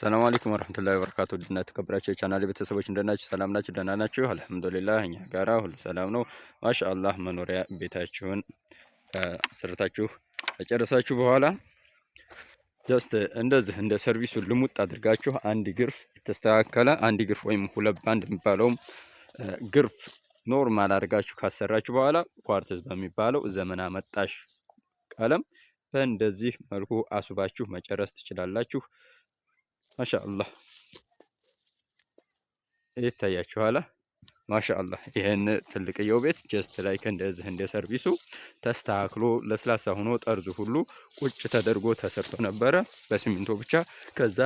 ሰላም አለይኩም ወራህመቱላሂ ወበረካቱ። ድና ተከብራችሁ የቻናል ቤተሰቦች እንደናችሁ ሰላም ናችሁ? ደህና ናችሁ? አልሐምዱሊላህ እኛ ጋራ ሁሉ ሰላም ነው። ማሻአላህ መኖሪያ ቤታችሁን ሰርታችሁ ከጨረሳችሁ በኋላ ጀስት እንደዚህ እንደ ሰርቪሱ ልሙጥ አድርጋችሁ አንድ ግርፍ የተስተካከለ አንድ ግርፍ ወይም ሁለት ባንድ የሚባለውም ግርፍ ኖርማል አድርጋችሁ ካሰራችሁ በኋላ ኳርትዝ በሚባለው ዘመን አመጣሽ ቀለም በእንደዚህ መልኩ አስባችሁ መጨረስ ትችላላችሁ። ማሻአላህ ይታያችኋል። ማሻአላህ ይህን ትልቅየው ቤት ጀስት ላይ እንደዚህ እንደ ሰርቪሱ ተስተካክሎ ለስላሳ ሆኖ ጠርዙ ሁሉ ቁጭ ተደርጎ ተሰርቶ ነበረ በሲሚንቶ ብቻ። ከዛ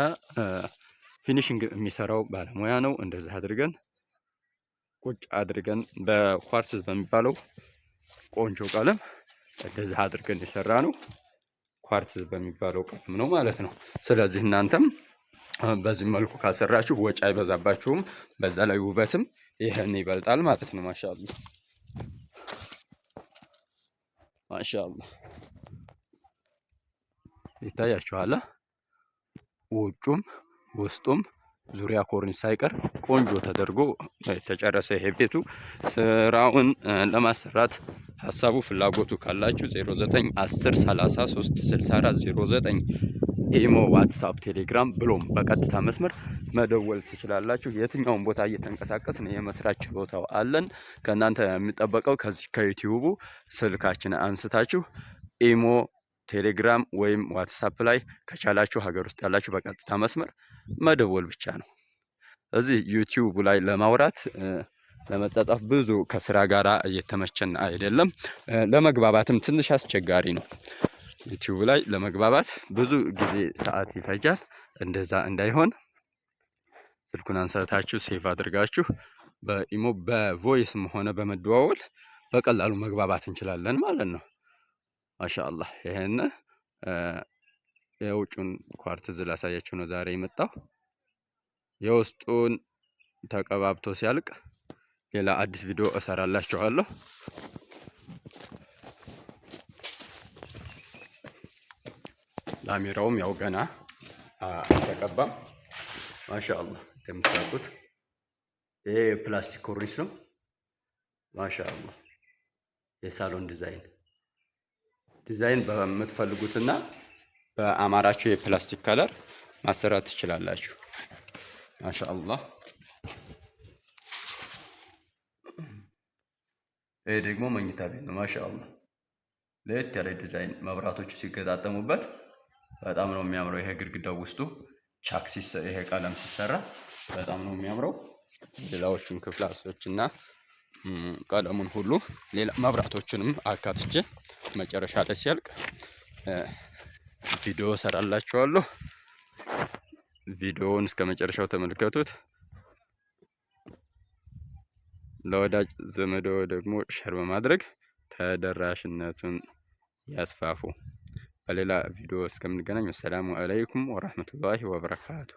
ፊኒሽንግ የሚሰራው ባለሙያ ነው። እንደዚህ አድርገን ቁጭ አድርገን በኳርትዝ በሚባለው ቆንጆ ቀለም እንደዚህ አድርገን የሰራ ነው። ኳርትዝ በሚባለው ቀለም ነው ማለት ነው። ስለዚህ እናንተም በዚህ መልኩ ካሰራችሁ ወጪ አይበዛባችሁም። በዛ ላይ ውበትም ይህን ይበልጣል ማለት ነው። ማሻአላ ማሻአላ ይታያችኋል። ውጩም ውስጡም ዙሪያ ኮርኒስ ሳይቀር ቆንጆ ተደርጎ የተጨረሰ ይሄ ቤቱ። ስራውን ለማሰራት ሀሳቡ ፍላጎቱ ካላችሁ 0910 64 09 ኢሞ፣ ዋትሳፕ፣ ቴሌግራም ብሎም በቀጥታ መስመር መደወል ትችላላችሁ። የትኛውን ቦታ እየተንቀሳቀስን የመስራት ችሎታው አለን። ከእናንተ የሚጠበቀው ከዚህ ከዩቲዩቡ ስልካችን አንስታችሁ ኢሞ፣ ቴሌግራም ወይም ዋትሳፕ ላይ ከቻላችሁ ሀገር ውስጥ ያላችሁ በቀጥታ መስመር መደወል ብቻ ነው። እዚህ ዩቲዩቡ ላይ ለማውራት ለመጻጻፍ ብዙ ከስራ ጋር እየተመቸን አይደለም። ለመግባባትም ትንሽ አስቸጋሪ ነው። ዩቲዩብ ላይ ለመግባባት ብዙ ጊዜ ሰዓት ይፈጃል። እንደዛ እንዳይሆን ስልኩን አንሰታችሁ ሴቭ አድርጋችሁ በኢሞ በቮይስም ሆነ በመደዋወል በቀላሉ መግባባት እንችላለን ማለት ነው። ማሻአላህ ይሄን የውጩን ኳርትዝ ላሳያችሁ ነው ዛሬ የመጣው። የውስጡን ተቀባብቶ ሲያልቅ ሌላ አዲስ ቪዲዮ እሰራላችኋለሁ። ላሜራውም ያው ገና አልተቀባም። ማሻአላ እንደምታውቁት ይሄ የፕላስቲክ ኮርኒስ ነው። ማሻአላ የሳሎን ዲዛይን ዲዛይን በምትፈልጉትና በአማራችሁ የፕላስቲክ ከለር ማሰራት ትችላላችሁ። ማሻአላ ይሄ ደግሞ መኝታ ቤት ነው። ማሻአላ ለየት ያለ ዲዛይን መብራቶቹ ሲገጣጠሙበት በጣም ነው የሚያምረው። ይሄ ግድግዳው ውስጡ ቻክ ይሄ ቀለም ሲሰራ በጣም ነው የሚያምረው። ሌላዎቹን ክፍላቶች እና ቀለሙን ሁሉ ሌላ መብራቶቹንም አካትቼ መጨረሻ ላይ ሲያልቅ ቪዲዮ ሰራላችኋለሁ። ቪዲዮውን እስከ መጨረሻው ተመልከቱት። ለወዳጅ ዘመዶ ደግሞ ሸር በማድረግ ተደራሽነቱን ያስፋፉ። በሌላ ቪዲዮ እስከምንገናኝ፣ አሰላሙ አለይኩም ወረህመቱላሂ ወበረካቱ።